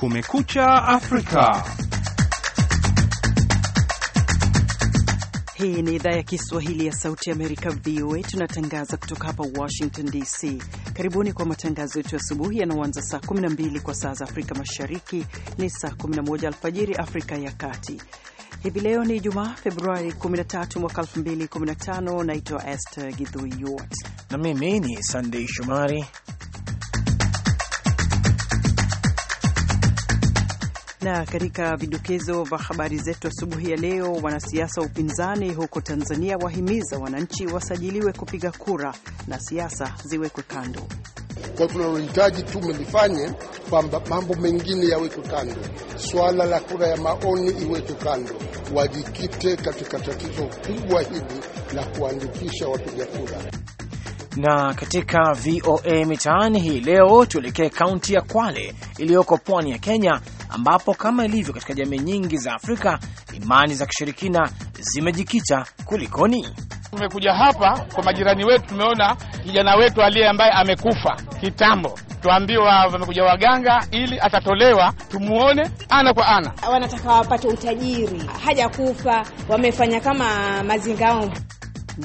Kumekucha Afrika. Hii ni idhaa ya Kiswahili ya Sauti ya Amerika, VOA. Tunatangaza kutoka hapa Washington DC. Karibuni kwa matangazo yetu ya asubuhi yanaoanza saa 12 kwa saa za Afrika Mashariki, ni saa 11 alfajiri Afrika ya Kati. Hivi leo ni Ijumaa, Februari 13 mwaka 2015. Naitwa Esther Gidhui na mimi ni Sandei Shomari Na katika vidokezo vya habari zetu asubuhi ya leo, wanasiasa wa upinzani huko Tanzania wahimiza wananchi wasajiliwe kupiga kura na siasa ziwekwe kando. Kwa tunalohitaji tume lifanye kwamba mambo mengine yawekwe kando, swala la kura ya maoni iwekwe kando, wajikite katika tatizo kubwa hili la kuandikisha wapiga kura. Na katika VOA Mitaani hii leo tuelekee kaunti ya Kwale iliyoko pwani ya Kenya ambapo kama ilivyo katika jamii nyingi za Afrika imani za kishirikina zimejikita kulikoni? Tumekuja hapa kwa majirani wetu, tumeona kijana wetu aliye ambaye amekufa kitambo, tuambiwa wamekuja waganga ili atatolewa, tumuone ana kwa ana. Wanataka wapate utajiri, hajakufa, wamefanya kama mazingao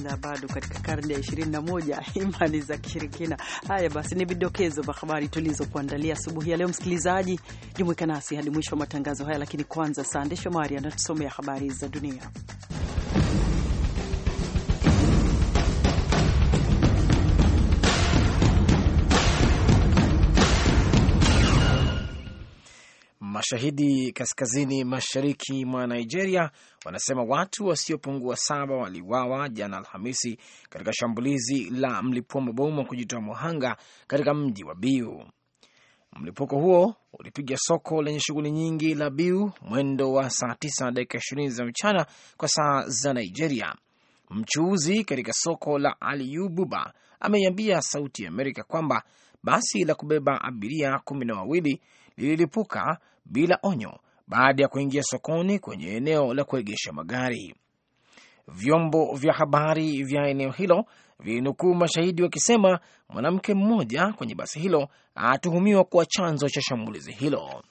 na bado katika karne ya 21 imani za kishirikina. Haya basi, ni vidokezo vya habari tulizokuandalia asubuhi ya leo. Msikilizaji, jumuika nasi hadi mwisho wa matangazo haya, lakini kwanza, Sande Shomari anatusomea habari za dunia. Mashahidi kaskazini mashariki mwa Nigeria wanasema watu wasiopungua saba waliuawa jana Alhamisi katika shambulizi la mlipua mabomu wa kujitoa muhanga katika mji wa Biu. Mlipuko huo ulipiga soko lenye shughuli nyingi la Biu mwendo wa saa tisa na dakika ishirini za mchana kwa saa za Nigeria. Mchuuzi katika soko la Aliyu Buba ameiambia Sauti ya Amerika kwamba basi la kubeba abiria kumi na wawili lililipuka bila onyo baada ya kuingia sokoni kwenye eneo la kuegesha magari. Vyombo vya habari vya eneo hilo vinukuu mashahidi wakisema mwanamke mmoja kwenye basi hilo atuhumiwa kuwa chanzo cha shambulizi hilo.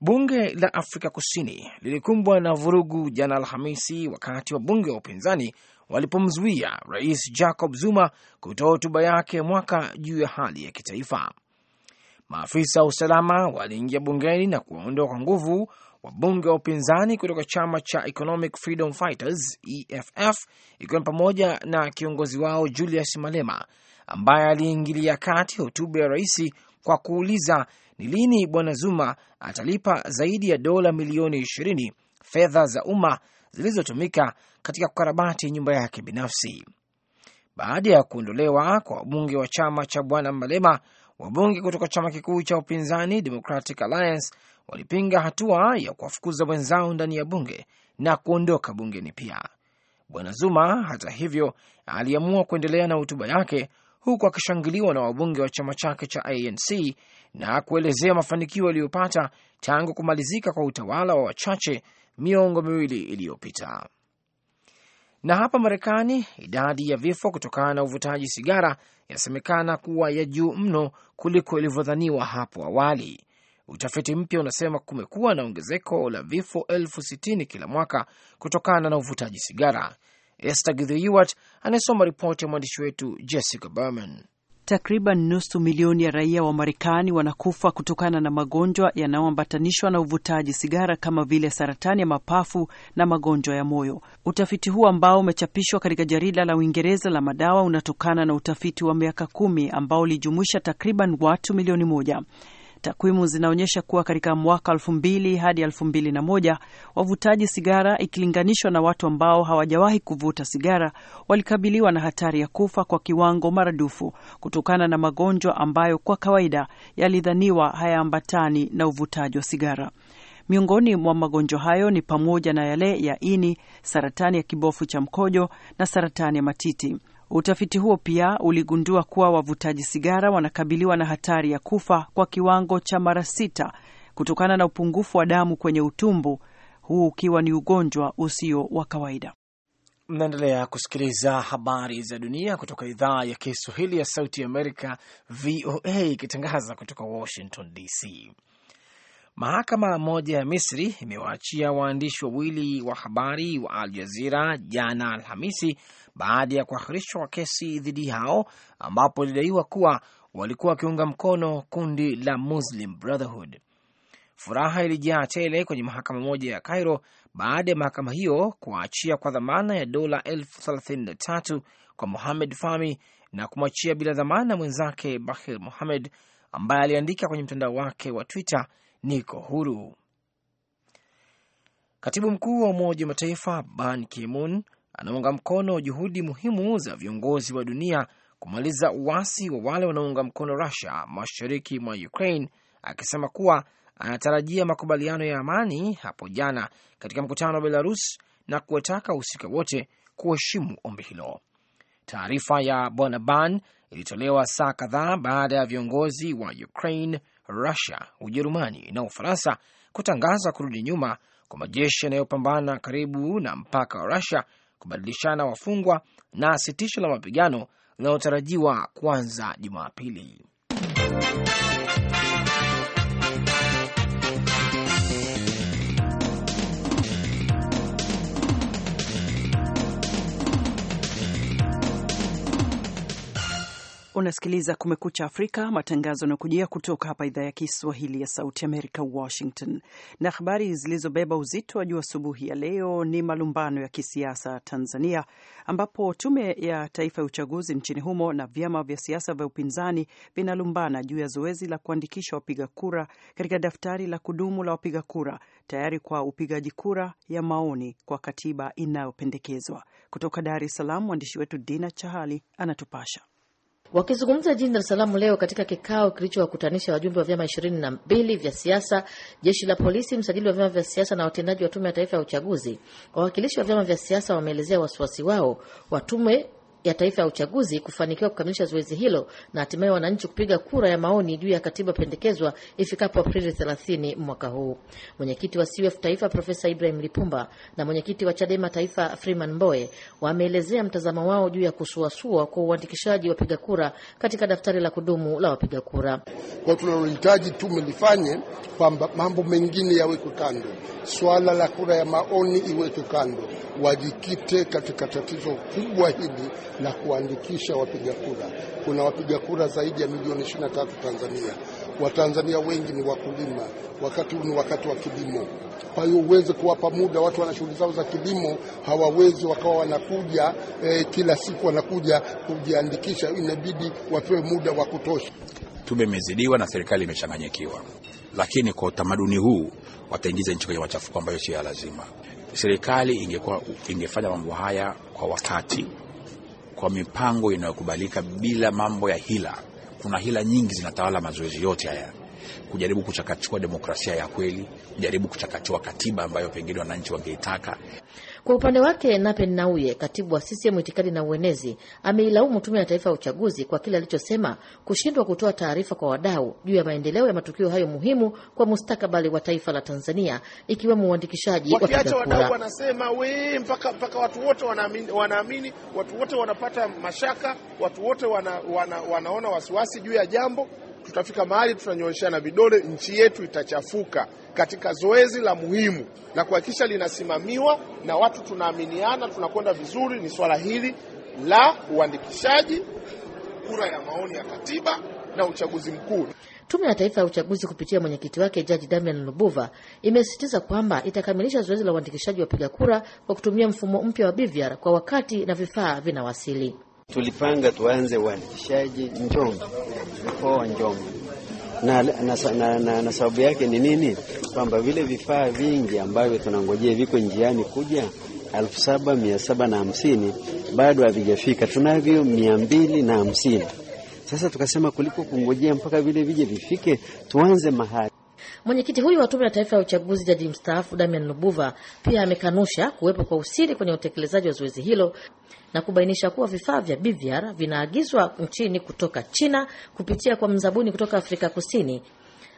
Bunge la Afrika Kusini lilikumbwa na vurugu jana Alhamisi wakati wa bunge wa upinzani walipomzuia Rais Jacob Zuma kutoa hotuba yake mwaka juu ya hali ya kitaifa maafisa wa usalama waliingia bungeni na kuwaondoa kwa nguvu wabunge wa upinzani kutoka chama cha Economic Freedom Fighters EFF, ikiwa ni pamoja na kiongozi wao Julius Malema ambaye aliingilia kati hotuba ya rais kwa kuuliza ni lini bwana Zuma atalipa zaidi ya dola milioni ishirini fedha za umma zilizotumika katika kukarabati nyumba yake binafsi. Baada ya kuondolewa kwa wabunge wa chama cha bwana Malema, Wabunge kutoka chama kikuu cha upinzani Democratic Alliance walipinga hatua ya kuwafukuza wenzao ndani ya bunge na kuondoka bungeni pia. Bwana Zuma hata hivyo aliamua kuendelea na hotuba yake huku akishangiliwa na wabunge wa chama chake cha ANC na kuelezea mafanikio yaliyopata tangu kumalizika kwa utawala wa wachache miongo miwili iliyopita. Na hapa Marekani, idadi ya vifo kutokana na uvutaji sigara inasemekana kuwa ya juu mno kuliko ilivyodhaniwa hapo awali. Utafiti mpya unasema kumekuwa na ongezeko la vifo elfu sitini kila mwaka kutokana na uvutaji sigara. Esther Githyuart anayesoma ripoti ya mwandishi wetu Jessica Berman. Takriban nusu milioni ya raia wa Marekani wanakufa kutokana na magonjwa yanayoambatanishwa na uvutaji sigara kama vile saratani ya mapafu na magonjwa ya moyo. Utafiti huu ambao umechapishwa katika jarida la Uingereza la madawa unatokana na utafiti wa miaka kumi ambao ulijumuisha takriban watu milioni moja. Takwimu zinaonyesha kuwa katika mwaka 2000 hadi 2001 wavutaji sigara ikilinganishwa na watu ambao hawajawahi kuvuta sigara walikabiliwa na hatari ya kufa kwa kiwango maradufu kutokana na magonjwa ambayo kwa kawaida yalidhaniwa hayaambatani na uvutaji wa sigara. Miongoni mwa magonjwa hayo ni pamoja na yale ya ini, saratani ya kibofu cha mkojo na saratani ya matiti. Utafiti huo pia uligundua kuwa wavutaji sigara wanakabiliwa na hatari ya kufa kwa kiwango cha mara sita kutokana na upungufu wa damu kwenye utumbo, huu ukiwa ni ugonjwa usio wa kawaida. Mnaendelea kusikiliza habari za dunia kutoka idhaa ya Kiswahili ya Sauti Amerika, VOA, ikitangaza kutoka Washington DC. Mahakama moja ya Misri imewaachia waandishi wawili wa habari wa Al Jazira jana Alhamisi baada ya kuahirishwa kwa kesi dhidi yao, ambapo ilidaiwa kuwa walikuwa wakiunga mkono kundi la Muslim Brotherhood. Furaha ilijaa tele kwenye mahakama moja ya Cairo baada ya mahakama hiyo kuachia kwa dhamana ya dola elfu thelathini na tatu kwa Mohamed Fahmy na kumwachia bila dhamana mwenzake Bahir Mohamed ambaye aliandika kwenye mtandao wake wa Twitter, niko huru. Katibu mkuu wa Umoja wa Mataifa Ban Ki-moon anaunga mkono juhudi muhimu za viongozi wa dunia kumaliza uasi wa wale wanaounga mkono Rusia mashariki mwa Ukraine, akisema kuwa anatarajia makubaliano ya amani hapo jana katika mkutano wa Belarus na kuwataka wahusika wote kuheshimu ombi hilo. Taarifa ya Bwana Ban ilitolewa saa kadhaa baada ya viongozi wa Ukraine, Rusia, Ujerumani na Ufaransa kutangaza kurudi nyuma kwa majeshi yanayopambana karibu na mpaka wa Rusia kubadilishana wafungwa na sitisho la mapigano linalotarajiwa kuanza Jumapili. Unasikiliza Kumekucha Afrika, matangazo yanakujia kutoka hapa idhaa ya Kiswahili ya Sauti Amerika, Washington. Na habari zilizobeba uzito wa juu asubuhi ya leo ni malumbano ya kisiasa Tanzania, ambapo tume ya taifa ya uchaguzi nchini humo na vyama vya siasa vya upinzani vinalumbana juu ya zoezi la kuandikisha wapiga kura katika daftari la kudumu la wapiga kura tayari kwa upigaji kura ya maoni kwa katiba inayopendekezwa. Kutoka Dar es Salaam, mwandishi wetu Dina Chahali anatupasha. Wakizungumza jijini Dar es Salaam leo katika kikao kilichowakutanisha wajumbe wa vyama ishirini na mbili vya siasa, jeshi la polisi, msajili wa vyama vya siasa na watendaji wa Tume ya Taifa ya Uchaguzi, wawakilishi wa vyama vya siasa wameelezea wasiwasi wao wa tume ya Taifa ya Uchaguzi kufanikiwa kukamilisha zoezi hilo na hatimaye wananchi kupiga kura ya maoni juu ya katiba pendekezwa ifikapo Aprili 30 mwaka huu. Mwenyekiti wa CUF Taifa Profesa Ibrahim Lipumba na mwenyekiti wa CHADEMA Taifa Freeman Mbowe wameelezea mtazamo wao juu ya kusuasua kwa uandikishaji wapiga kura katika daftari la kudumu la wapiga kura. Kwa tunalohitaji tume lifanye kwamba mambo mengine yawekwe kando, swala la kura ya maoni iwekwe kando, wajikite katika tatizo kubwa hili na kuandikisha wapiga kura. Kuna wapiga kura zaidi ya milioni 23 Tanzania. Watanzania wengi ni wakulima, wakati huu ni wakati wa kilimo. Kwa hiyo uweze kuwapa muda, watu wana shughuli zao za kilimo, hawawezi wakawa wanakuja e, kila siku wanakuja kujiandikisha, inabidi wapewe muda wa kutosha. Tume imezidiwa na serikali imechanganyikiwa, lakini kwa utamaduni huu wataingiza nchi kwenye machafuko ambayo sio ya lazima. Serikali ingekuwa ingefanya mambo haya kwa wakati kwa mipango inayokubalika bila mambo ya hila. Kuna hila nyingi zinatawala mazoezi yote haya, kujaribu kuchakachua demokrasia ya kweli, kujaribu kuchakachua katiba ambayo pengine wananchi wangeitaka. Kwa upande wake Nape Nnauye, katibu wa CCM itikadi na uenezi, ameilaumu Tume ya Taifa ya Uchaguzi kwa kile alichosema kushindwa kutoa taarifa kwa wadau juu ya maendeleo ya matukio hayo muhimu kwa mustakabali wa taifa la Tanzania, ikiwemo uandikishaji wa wapiga kura. Wadau wanasema we mpaka, mpaka watu wote wanaamini, wanaamini watu wote wanapata mashaka, watu wote wana, wana, wanaona wasiwasi juu ya jambo tutafika mahali tunanyoosheana vidole, nchi yetu itachafuka katika zoezi la muhimu na kuhakikisha linasimamiwa na watu tunaaminiana, tunakwenda vizuri, ni swala hili la uandikishaji kura ya maoni ya katiba na uchaguzi mkuu. Tume ya Taifa ya Uchaguzi kupitia mwenyekiti wake Jaji Damian Lubuva imesisitiza kwamba itakamilisha zoezi la uandikishaji wa wapiga kura kwa kutumia mfumo mpya wa BVR kwa wakati na vifaa vinawasili. Tulipanga tuanze uandikishaji Njombe, mkoa Njombe na, na, na, na, na sababu yake ni nini? Kwamba vile vifaa vingi ambavyo tunangojea viko njiani kuja elfu saba mia saba na hamsini bado havijafika, tunavyo mia mbili na hamsini. Sasa tukasema kuliko kungojea mpaka vile vije vifike, tuanze mahali. Mwenyekiti huyu wa Tume ya Taifa ya Uchaguzi, jaji mstaafu Damian Lubuva, pia amekanusha kuwepo kwa usiri kwenye utekelezaji wa zoezi hilo na kubainisha kuwa vifaa vya BVR vinaagizwa nchini kutoka China kupitia kwa mzabuni kutoka Afrika Kusini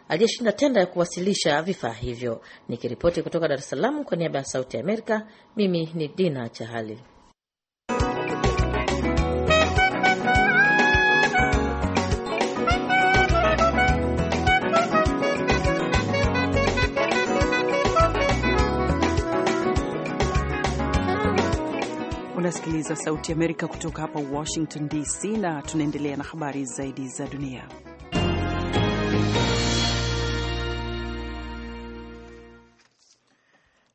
aliyeshinda tenda ya kuwasilisha vifaa hivyo. Nikiripoti kutoka Dar es Salaam kwa niaba ya Sauti ya Amerika, mimi ni Dina Chahali. Unasikiliza Sauti Amerika kutoka hapa Washington DC, na tunaendelea na habari zaidi za dunia.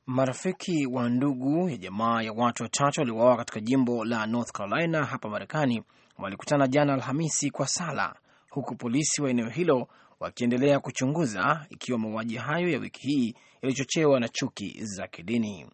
Marafiki wa ndugu ya jamaa ya watu watatu waliouawa katika jimbo la North Carolina hapa Marekani walikutana jana Alhamisi kwa sala, huku polisi wa eneo hilo wakiendelea kuchunguza ikiwa mauaji hayo ya wiki hii yalichochewa na chuki za kidini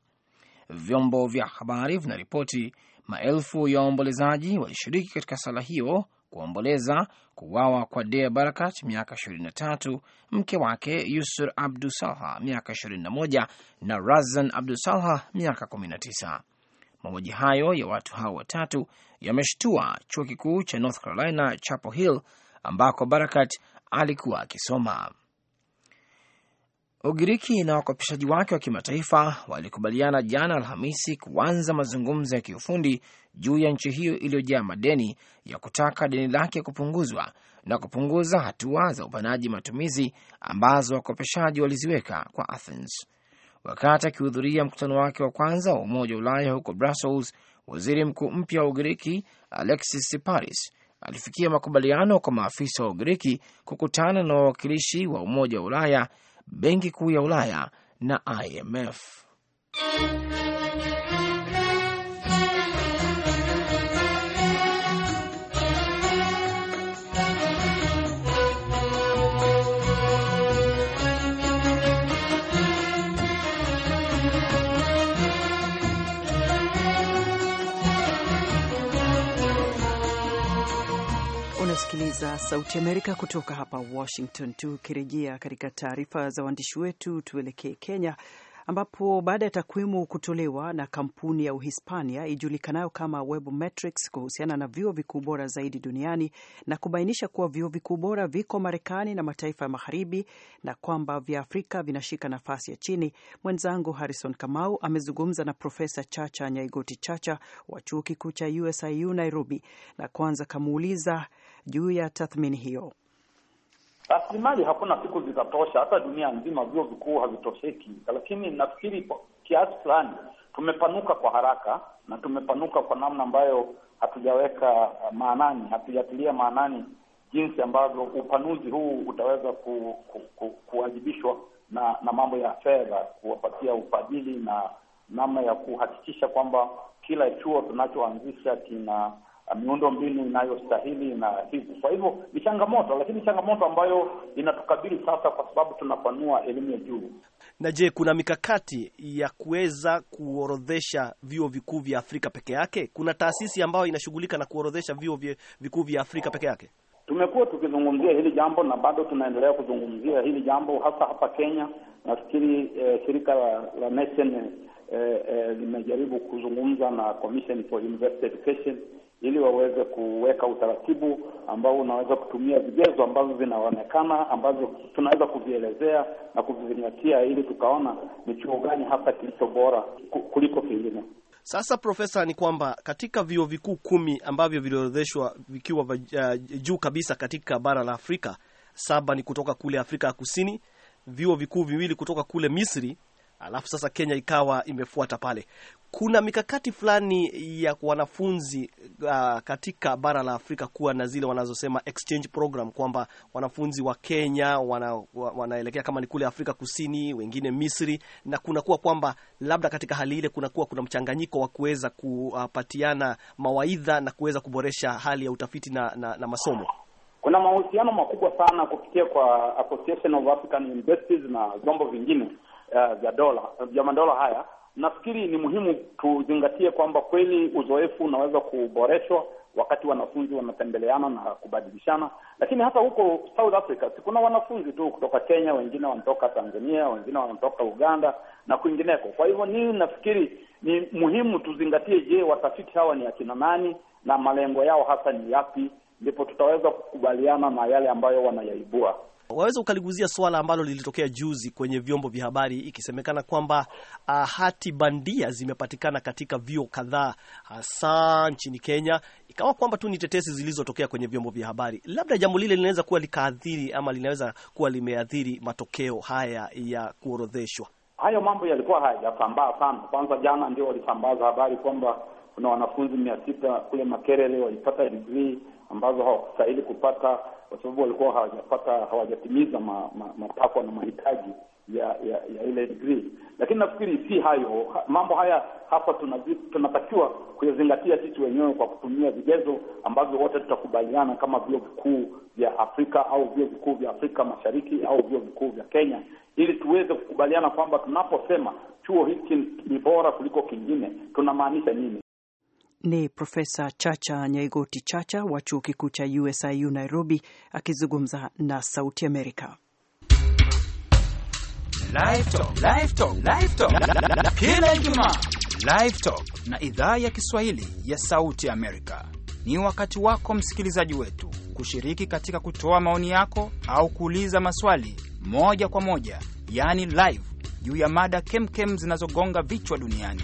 vyombo vya habari vinaripoti maelfu ya waombolezaji walishiriki katika sala hiyo kuomboleza kuwawa kwa Dea Barakat, miaka 23, mke wake Yusur Abdu Salha, miaka 21, na Razan Abdu Salha, miaka 19. Mauaji hayo ya watu hao watatu yameshtua chuo kikuu cha North Carolina Chapel Hill ambako Barakat alikuwa akisoma. Ugiriki na wakopeshaji wake wa kimataifa walikubaliana jana Alhamisi kuanza mazungumzo ya kiufundi juu ya nchi hiyo iliyojaa madeni ya kutaka deni lake kupunguzwa na kupunguza hatua za upanaji matumizi ambazo wakopeshaji waliziweka kwa Athens. Wakati akihudhuria mkutano wake wa kwanza wa Umoja wa Ulaya huko Brussels, waziri mkuu mpya wa Ugiriki Alexis Siparis alifikia makubaliano kwa maafisa wa Ugiriki kukutana na wawakilishi wa Umoja wa Ulaya benki kuu ya Ulaya na IMF. unasikiliza Sauti Amerika kutoka hapa Washington. Tukirejea katika taarifa za waandishi wetu, tuelekee Kenya ambapo baada ya takwimu kutolewa na kampuni ya Uhispania ijulikanayo kama Webmetrics kuhusiana na vyuo vikuu bora zaidi duniani na kubainisha kuwa vyuo vikuu bora viko Marekani na mataifa ya Magharibi na kwamba vya Afrika vinashika nafasi ya chini, mwenzangu Harrison Kamau amezungumza na Profesa Chacha Nyaigoti Chacha wa chuo kikuu cha USIU Nairobi, na kwanza kamuuliza juu ya tathmini hiyo. Rasilimali hakuna siku zitatosha, hata dunia nzima vyuo vikuu havitosheki, lakini nafikiri kiasi fulani tumepanuka kwa haraka na tumepanuka kwa namna ambayo hatujaweka maanani, hatujatilia maanani jinsi ambavyo upanuzi huu utaweza ku, ku, ku, kuwajibishwa na na mambo ya fedha, kuwapatia ufadhili na namna ya kuhakikisha kwamba kila chuo tunachoanzisha kina miundo mbinu inayostahili na hivi. Kwa hivyo ni changamoto, lakini changamoto ambayo inatukabili sasa, kwa sababu tunapanua elimu ya juu. Na je, kuna mikakati ya kuweza kuorodhesha vyuo vikuu vya Afrika peke yake? Kuna taasisi ambayo inashughulika na kuorodhesha vyuo vikuu vya Afrika peke yake? Tumekuwa tukizungumzia hili jambo na bado tunaendelea kuzungumzia hili jambo, hasa hapa Kenya. Nafikiri eh, shirika la, la Nation eh, eh, limejaribu kuzungumza na Commission for University Education ili waweze kuweka utaratibu ambao unaweza kutumia vigezo ambavyo vinaonekana ambavyo tunaweza kuvielezea na kuvizingatia ili tukaona ni chuo gani hapa kilicho bora kuliko kingine. Sasa Profesa, ni kwamba katika vyuo vikuu kumi ambavyo viliorodheshwa vikiwa uh, juu kabisa katika bara la Afrika, saba ni kutoka kule Afrika ya Kusini, vyuo vikuu viwili kutoka kule Misri, alafu sasa Kenya ikawa imefuata pale kuna mikakati fulani ya wanafunzi uh, katika bara la Afrika kuwa na zile wanazosema exchange program, kwamba wanafunzi wa Kenya wana, wanaelekea kama ni kule Afrika Kusini, wengine Misri, na kunakuwa kwamba labda katika hali ile kunakuwa kuna mchanganyiko wa kuweza kupatiana mawaidha na kuweza kuboresha hali ya utafiti na, na, na masomo. Kuna mahusiano makubwa sana kupitia kwa Association of African Universities na vyombo vingine uh, vya dola vya madola haya nafikiri ni muhimu tuzingatie kwamba kweli uzoefu unaweza kuboreshwa wakati wanafunzi wanatembeleana na kubadilishana. Lakini hata huko South Africa si kuna wanafunzi tu kutoka Kenya, wengine wanatoka Tanzania, wengine wanatoka Uganda na kwingineko. Kwa hivyo nini nafikiri ni muhimu tuzingatie, je, watafiti hawa ni akina nani na malengo yao hasa ni yapi? Ndipo tutaweza kukubaliana na yale ambayo wanayaibua. Waweza ukaliguzia swala ambalo lilitokea juzi kwenye vyombo vya habari ikisemekana kwamba uh, hati bandia zimepatikana katika vyuo kadhaa hasa nchini Kenya, ikawa kwamba tu ni tetesi zilizotokea kwenye vyombo vya habari. Labda jambo lile linaweza kuwa likaathiri ama linaweza kuwa limeathiri matokeo haya ya kuorodheshwa. Hayo mambo yalikuwa hayajasambaa sana. Kwanza jana ndio walisambaza habari kwamba kuna wanafunzi mia sita kule Makerere walipata digrii ambazo hawakustahili kupata kwa sababu walikuwa hawajapata hawajatimiza ma, ma, matakwa na mahitaji ya ya, ya ile degree. Lakini nafikiri si hayo mambo haya hapa, tunatakiwa kuyazingatia sisi wenyewe kwa kutumia vigezo ambavyo wote tutakubaliana kama vyuo vikuu vya Afrika au vyuo vikuu vya Afrika Mashariki au vyuo vikuu vya Kenya, ili tuweze kukubaliana kwamba tunaposema chuo hiki ni bora kuliko kingine tunamaanisha nini. Ni Profesa Chacha Nyaigoti Chacha wa chuo kikuu cha USIU Nairobi akizungumza na Sauti Amerika. Kila Ijumaa na idhaa ya Kiswahili ya Sauti Amerika ni wakati wako msikilizaji wetu kushiriki katika kutoa maoni yako au kuuliza maswali moja kwa moja, yaani live, juu ya mada kemkem zinazogonga vichwa duniani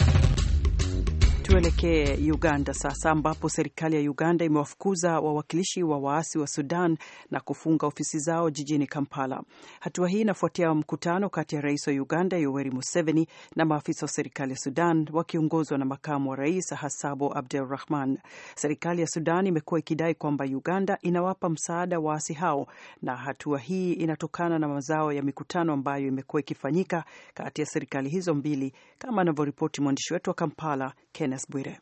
Tuelekee Uganda sasa, ambapo serikali ya Uganda imewafukuza wawakilishi wa waasi wa Sudan na kufunga ofisi zao jijini Kampala. Hatua hii inafuatia mkutano kati ya rais wa Uganda Yoweri Museveni na maafisa wa serikali ya Sudan wakiongozwa na makamu wa rais Hasabo rahman Serikali ya Sudan imekuwa ikidai kwamba Uganda inawapa msaada waasi hao, na hatua hii inatokana na mazao ya mikutano ambayo imekuwa ikifanyika kati ya serikali hizo mbili, kama anavyoripoti mwandishi wetu wa Kampala Kenneth Kenneth Bwire.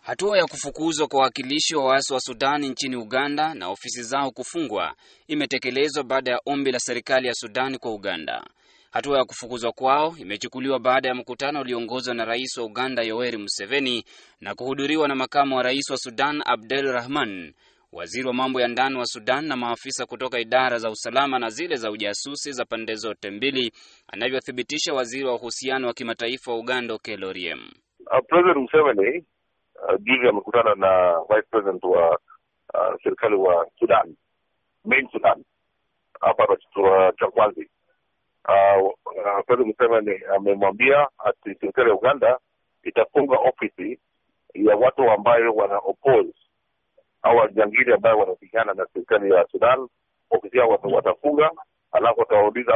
Hatua ya kufukuzwa kwa wawakilishi wa waasi wa Sudani nchini Uganda na ofisi zao kufungwa imetekelezwa baada ya ombi la serikali ya Sudani kwa Uganda. Hatua ya kufukuzwa kwao imechukuliwa baada ya mkutano ulioongozwa na rais wa Uganda Yoweri Museveni na kuhudhuriwa na makamu wa rais wa Sudan Abdel Rahman, waziri wa mambo ya ndani wa Sudan na maafisa kutoka idara za usalama na zile za ujasusi za pande zote mbili, anavyothibitisha waziri wa uhusiano wa kimataifa wa Uganda Okello Oryem. Uh, President Museveni uh, amekutana na vice president wa uh, serikali wa Sudan, main Sudan hapa Chakwanzi. Uh, uh, President Museveni amemwambia ati serikali ya Uganda itafunga ofisi ya watu ambayo wana oppose au jangili ambayo wanapigana na serikali ya Sudan. Ofisi yao watafunga, alafu watawauliza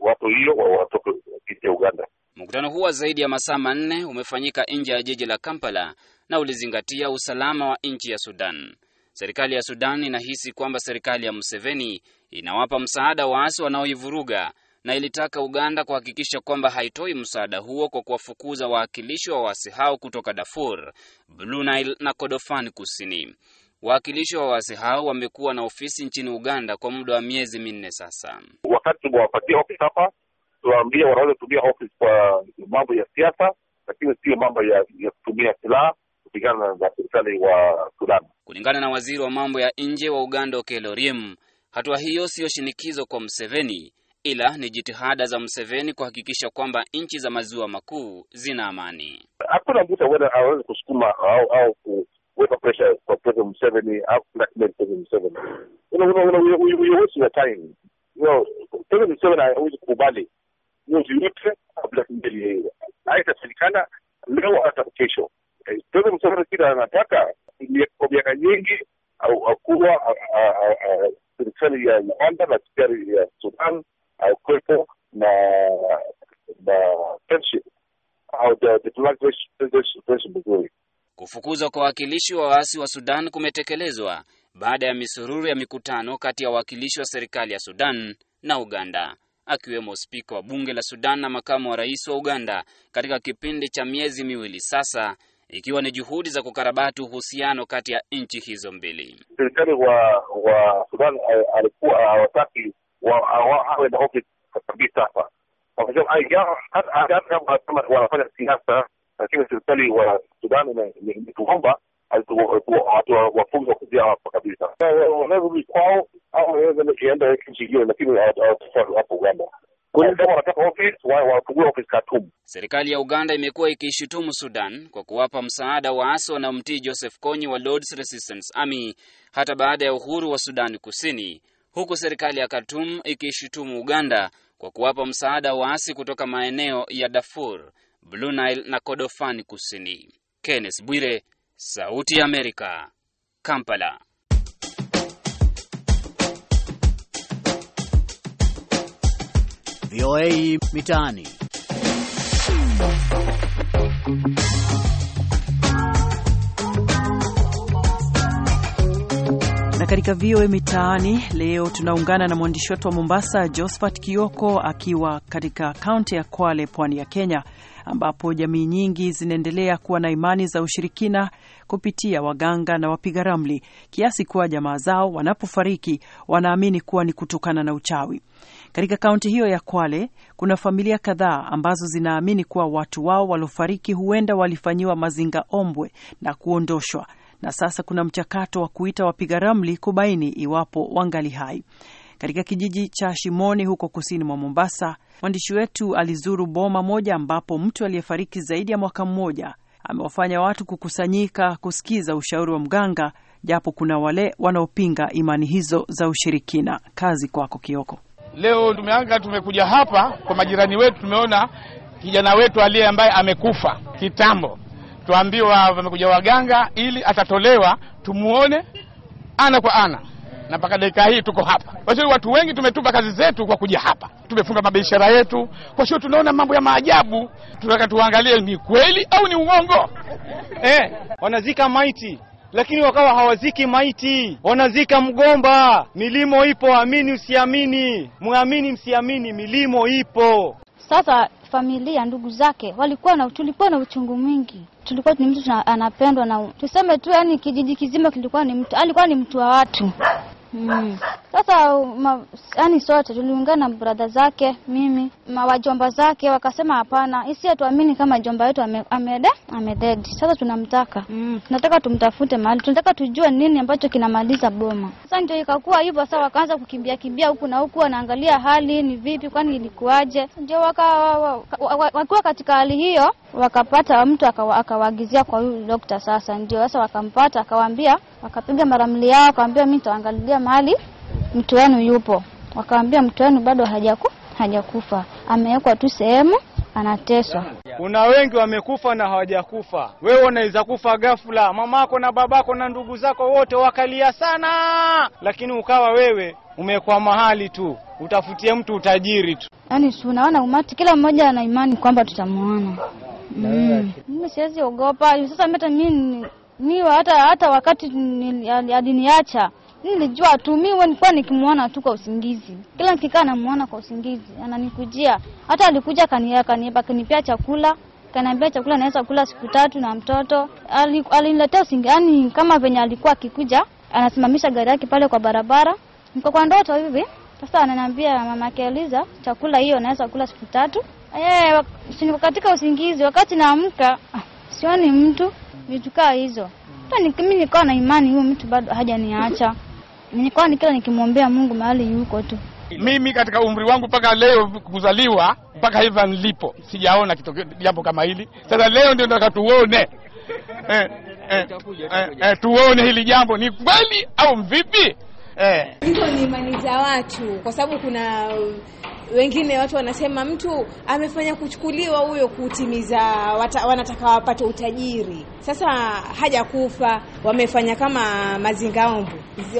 watu hiyo watoke nchi ya Uganda. Mkutano huu wa zaidi ya masaa manne umefanyika nje ya jiji la Kampala na ulizingatia usalama wa nchi ya Sudan. Serikali ya Sudan inahisi kwamba serikali ya Museveni inawapa msaada waasi wanaoivuruga na ilitaka Uganda kuhakikisha kwamba haitoi msaada huo kwa kuwafukuza wawakilishi wa waasi hao kutoka Darfur, Blue Nile na Kordofan Kusini. Wawakilishi wa waasi hao wamekuwa na ofisi nchini Uganda kwa muda wa miezi minne sasa. Wakati tumewapatia ofisi hapa tunaambia wanaweza kutumia office kwa mambo ya siasa, lakini sio mambo ya, ya kutumia silaha kupigana na serikali wa Sudan. Kulingana na waziri wa mambo ya nje wa Uganda Okello Oryem, hatua hiyo siyo shinikizo kwa mseveni ila ni jitihada za mseveni kuhakikisha kwamba nchi za maziwa makuu zina amani. Hakuna mtu aweze kusukuma au, au kuweka presha kwa President au Museveni. Una mwezi yote kabla yeye haitapatikana leo hata kesho. Mtoto msafara kila anataka kwa miaka nyingi akuwa serikali ya Uganda na sikari ya Sudan kwepo na na mzuri. Kufukuzwa kwa wawakilishi wa waasi wa Sudan kumetekelezwa baada ya misururu ya mikutano kati ya wawakilishi wa serikali ya Sudan na Uganda akiwemo spika wa bunge la Sudan na makamu wa rais wa Uganda katika kipindi cha miezi miwili sasa, ikiwa ni juhudi za kukarabati uhusiano kati ya nchi hizo mbili. Serikali wa wa Sudan eh, alikuwa hawataki awe na ofisi kabisa hapa, wanafanya siasa, lakini serikali wa Sudan imetuomba wafunzi kabisa kwao au ienda nchi lakini hapo Uganda. Serikali ya Uganda imekuwa ikiishutumu Sudan kwa kuwapa msaada waasi wanaomtii Joseph Kony wa Lords Resistance Army hata baada ya uhuru wa Sudani Kusini, huku serikali ya Khartoum ikiishutumu Uganda kwa kuwapa msaada waasi kutoka maeneo ya Darfur, Blue Nile na Kordofani Kusini. Kenneth Bwire Sauti ya Amerika, Kampala. VOA Mitaani. Na katika VOA Mitaani leo tunaungana na mwandishi wetu wa Mombasa, Josphat Kioko, akiwa katika kaunti ya Kwale, pwani ya Kenya ambapo jamii nyingi zinaendelea kuwa na imani za ushirikina kupitia waganga na wapiga ramli, kiasi kuwa jamaa zao wanapofariki wanaamini kuwa ni kutokana na uchawi. Katika kaunti hiyo ya Kwale kuna familia kadhaa ambazo zinaamini kuwa watu wao waliofariki huenda walifanyiwa mazinga ombwe na kuondoshwa, na sasa kuna mchakato wa kuita wapiga ramli kubaini iwapo wangali hai katika kijiji cha Shimoni huko kusini mwa Mombasa. Mwandishi wetu alizuru boma moja ambapo mtu aliyefariki zaidi ya mwaka mmoja amewafanya watu kukusanyika kusikiza ushauri wa mganga, japo kuna wale wanaopinga imani hizo za ushirikina. Kazi kwako Kioko. Leo tumeanga tumekuja hapa kwa majirani wetu, tumeona kijana wetu aliye ambaye amekufa kitambo, tuambiwa wamekuja waganga ili atatolewa, tumuone ana kwa ana na mpaka dakika hii tuko hapa. Kwa hiyo watu wengi tumetupa kazi zetu kwa kuja hapa, tumefunga mabiashara yetu. Kwa hiyo tunaona mambo ya maajabu, tunataka tuangalie ni kweli au ni uongo eh. Wanazika maiti lakini wakawa hawaziki maiti, wanazika mgomba. Milimo ipo, amini usiamini, mwamini msiamini, milimo ipo. Sasa familia, ndugu zake walikuwa na, tulikuwa na uchungu mwingi tulikuwa ni mtu anapendwa na tuseme tu, yani kijiji kizima kilikuwa ni mtu, alikuwa ni mtu wa watu. Mm. Sasa yani sote tuliungana na brother zake, mimi mawajomba zake wakasema hapana, isi hatuamini kama jomba yetu amede amededi. Sasa tunamtaka mm. tunataka tumtafute mahali, tunataka tujue nini ambacho kinamaliza boma. Sasa ndio ikakuwa hivyo. Sasa wakaanza kukimbia kimbia huku na huku, wanaangalia hali ni vipi, kwani ilikuwaje? Ndio wakiwa katika hali hiyo wakapata mtu akawaagizia kwa huyu dokta. Sasa ndio sasa wakampata, akawaambia Wakapiga maramli yao, wakaambia mimi nitaangalia mahali mtu wenu yupo. wakawambia mtu wenu bado hajaku hajakufa, amewekwa tu sehemu anateswa. Kuna wengi wamekufa na hawajakufa. Wewe unaweza kufa ghafla, mamako na babako na ndugu zako wote wakalia sana, lakini ukawa wewe umekwa mahali tu, utafutie mtu utajiri tu. Yaani si unaona umati, kila mmoja ana imani kwamba tutamuona. Mm. Mimi mm, siwezi ogopa sasa. Mimi niwe hata, hata wakati aliniacha nilijua tu mimi nilikuwa nikimwona tu kwa usingizi, kila nikikaa namuona kwa usingizi, ananikujia. Hata alikuja kaniepa kanipea chakula, kaniambia chakula naweza kula siku tatu na mtoto. Aliniletea usingizi, yani kama venye alikuwa akikuja anasimamisha gari yake pale kwa barabara, niko kwa ndoto hivi sasa. Ananiambia mama yake Eliza, chakula hiyo naweza kula siku tatu. Eh, katika usingizi, wakati naamka sioni mtu vitu kaa hizo. mi nikawa na imani huyo mtu bado hajaniacha, nilikuwa nikila nikimwombea Mungu mahali yuko tu. Mimi katika umri wangu mpaka leo kuzaliwa mpaka hivi nilipo sijaona jambo kama hili. Sasa leo ndio nataka tuone eh, eh, eh, eh tuone hili jambo ni kweli au vipi? Hizo eh, ni imani za watu, kwa sababu kuna wengine watu wanasema mtu amefanya kuchukuliwa huyo kutimiza wata, wanataka wapate utajiri. Sasa haja kufa wamefanya kama mazingaombu,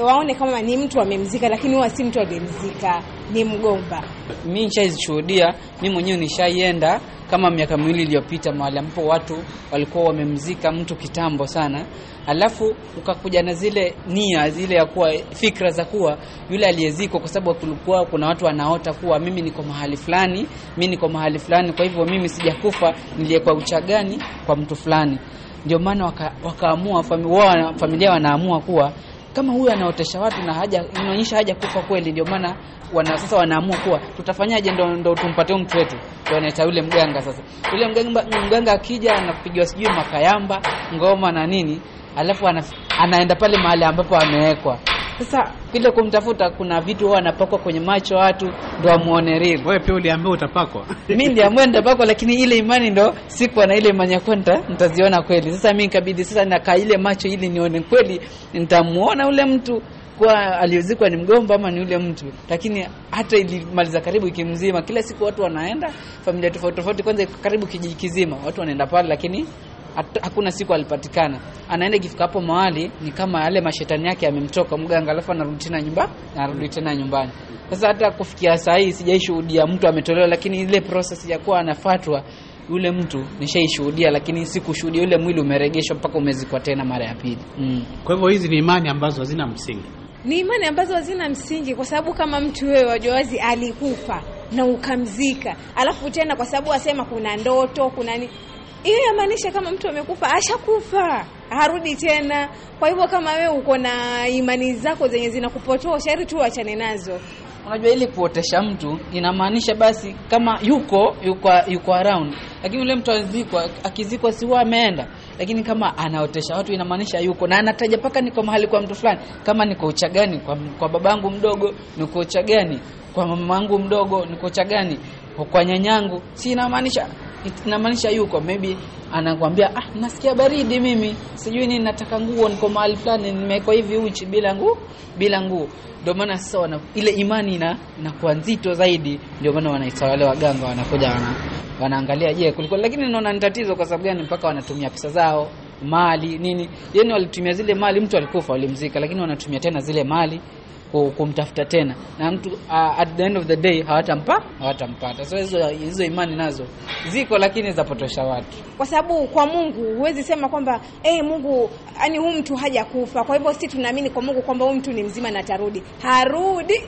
waone kama ni mtu amemzika, lakini huwa si mtu aliyemzika ni mgomba. Mi nishaishuhudia, mi mwenyewe nishaienda kama miaka miwili iliyopita, mahali ambapo watu walikuwa wamemzika mtu kitambo sana, alafu ukakuja na zile nia zile ya kuwa fikra za kuwa yule aliyezikwa, kwa sababu kulikuwa kuna watu wanaota kuwa mimi niko mahali fulani, mi niko mahali fulani, kwa hivyo mimi sijakufa, niliyekwa uchagani kwa mtu fulani. Ndio maana wakaamua waka familia, wanaamua kuwa kama huyu anaotesha watu na haja inaonyesha haja kufa kweli, ndio maana wana sasa wanaamua kuwa tutafanyaje, ndo ndo tumpate mtu wetu, ndio anaita yule mganga. Sasa yule mganga, mganga akija anapigiwa sijui makayamba, ngoma na nini, alafu anaenda pale mahali ambapo amewekwa sasa vile kumtafuta, kuna vitu huwa anapakwa kwenye macho watu ndo amuone real. Wewe pia uliambiwa utapakwa? Mimi niliambiwa nitapakwa, lakini ile imani ndo siku na ile imani ya kwenda nitaziona kweli. Sasa mimi nikabidi sasa nakaa ile macho ili nione kweli nitamuona ule mtu kwa aliozikwa ni mgomba ama ni ule mtu. Lakini hata ilimaliza karibu wiki mzima, kila siku watu wanaenda familia tofauti tofauti, kwanza karibu kijiji kizima watu wanaenda pale, lakini hakuna siku alipatikana. Anaenda hapo mahali ni kama yale mashetani yake yamemtoka mganga, alafu anarudi tena nyumba, anarudi tena nyumbani. Sasa hata kufikia saa hii sijaishuhudia mtu ametolewa, lakini ile process ya kuwa anafatwa yule mtu nishaishuhudia, lakini sikushuhudia yule mwili umeregeshwa mpaka umezikwa tena mara ya pili. Mm. Kwa hivyo hizi ni imani ambazo hazina msingi, ni imani ambazo hazina msingi, kwa sababu kama mtu wewe wajawazi alikufa na ukamzika, alafu tena kwa sababu asema kuna ndoto kuna ni hiyo yamaanisha kama mtu amekufa, ashakufa harudi tena. Kwa hivyo kama we uko na imani zako zenye zinakupotosha, heri tu achane nazo. Unajua, ili kuotesha mtu inamaanisha basi kama yuko yuko yuko around, lakini yule mtu azikwa, akizikwa si wao ameenda, lakini kama anaotesha watu inamaanisha yuko na anataja paka niko mahali kwa mtu fulani, kama niko Uchagani kwa, kwa babangu mdogo, niko Uchagani kwa mamangu mdogo, niko Uchagani kwa nyanyangu, si inamaanisha inamaanisha yuko maybe anakwambia ah, nasikia baridi mimi, sijui nini, nataka nguo, niko mahali fulani, nimeko hivi uchi bila nguo, bila nguo. Ndio maana sasa wana ile imani ina inakuwa nzito zaidi, ndio maana wanaita wale waganga wanakuja wana wanaangalia je, kuliko. Lakini naona ni tatizo. Kwa sababu gani? Mpaka wanatumia pesa zao mali nini, yani walitumia zile mali, mtu alikufa walimzika, lakini wanatumia tena zile mali kumtafuta tena, na mtu uh, at the end of the day hawatampa hawatampata. So hizo hizo imani nazo ziko, lakini zapotosha watu, kwa sababu kwa Mungu huwezi sema kwamba hey, eh, Mungu yani huyu mtu haja kufa kwa hivyo sisi tunaamini kwa Mungu kwamba huyu mtu ni mzima na atarudi. Harudi.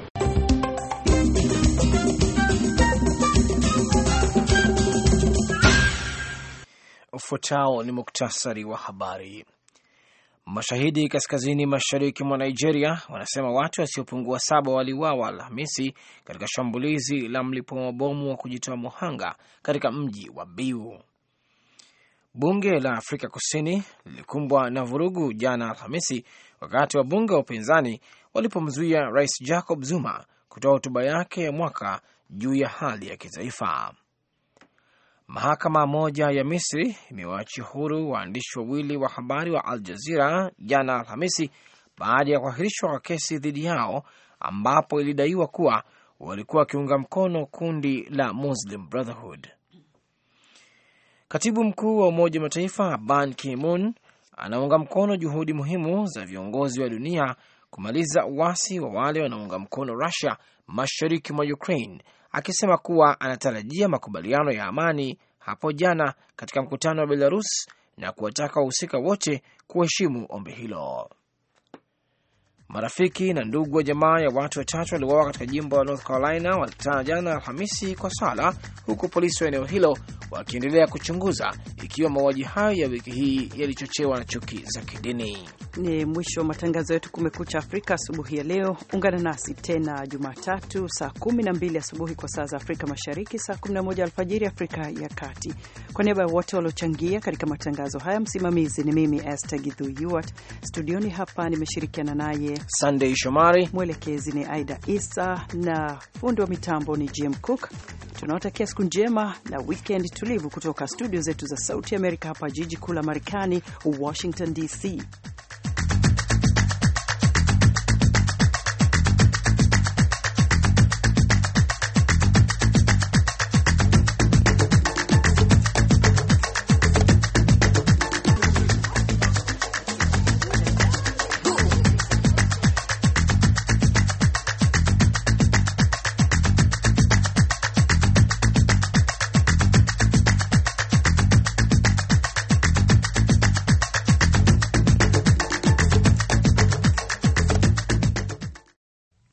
Ufuatao ni muktasari wa habari. Mashahidi kaskazini mashariki mwa Nigeria wanasema watu wasiopungua saba waliuawa Alhamisi katika shambulizi la mlipo mabomu wa kujitoa muhanga katika mji wa Biu. Bunge la Afrika Kusini lilikumbwa na vurugu jana Alhamisi wakati wa bunge wa upinzani walipomzuia Rais Jacob Zuma kutoa hotuba yake ya mwaka juu ya hali ya kitaifa. Mahakama moja ya Misri imewaachia huru waandishi wawili wa habari wa Al Jazira jana Alhamisi baada ya kuahirishwa kwa kesi dhidi yao ambapo ilidaiwa kuwa walikuwa wakiunga mkono kundi la Muslim Brotherhood. Katibu mkuu wa Umoja wa Mataifa Ban Ki-moon anaunga mkono juhudi muhimu za viongozi wa dunia kumaliza uasi wa wale wanaunga mkono Rusia mashariki mwa Ukraine akisema kuwa anatarajia makubaliano ya amani hapo jana katika mkutano wa Belarus na kuwataka wahusika wote kuheshimu ombi hilo. Marafiki na ndugu wa jamaa ya watu watatu waliuawa katika jimbo la North Carolina walikutana jana Alhamisi kwa sala, huku polisi wa eneo hilo wakiendelea kuchunguza ikiwa mauaji hayo ya wiki hii yalichochewa na chuki za kidini. Ni mwisho wa matangazo yetu Kumekucha Afrika asubuhi ya leo. Ungana nasi tena Jumatatu saa 12 asubuhi kwa saa za Afrika Mashariki, saa 11 alfajiri Afrika ya Kati. Kwa niaba ya wote waliochangia katika matangazo haya, msimamizi ni mimi Esther Githu Yuart, studioni hapa nimeshirikiana naye Sunday Shomari, mwelekezi ni Aida Isa na fundi wa mitambo ni Jim Cook. Tunawatakia siku njema na wikendi tulivu kutoka studio zetu za Sauti Amerika hapa jiji kuu la Marekani, Washington DC.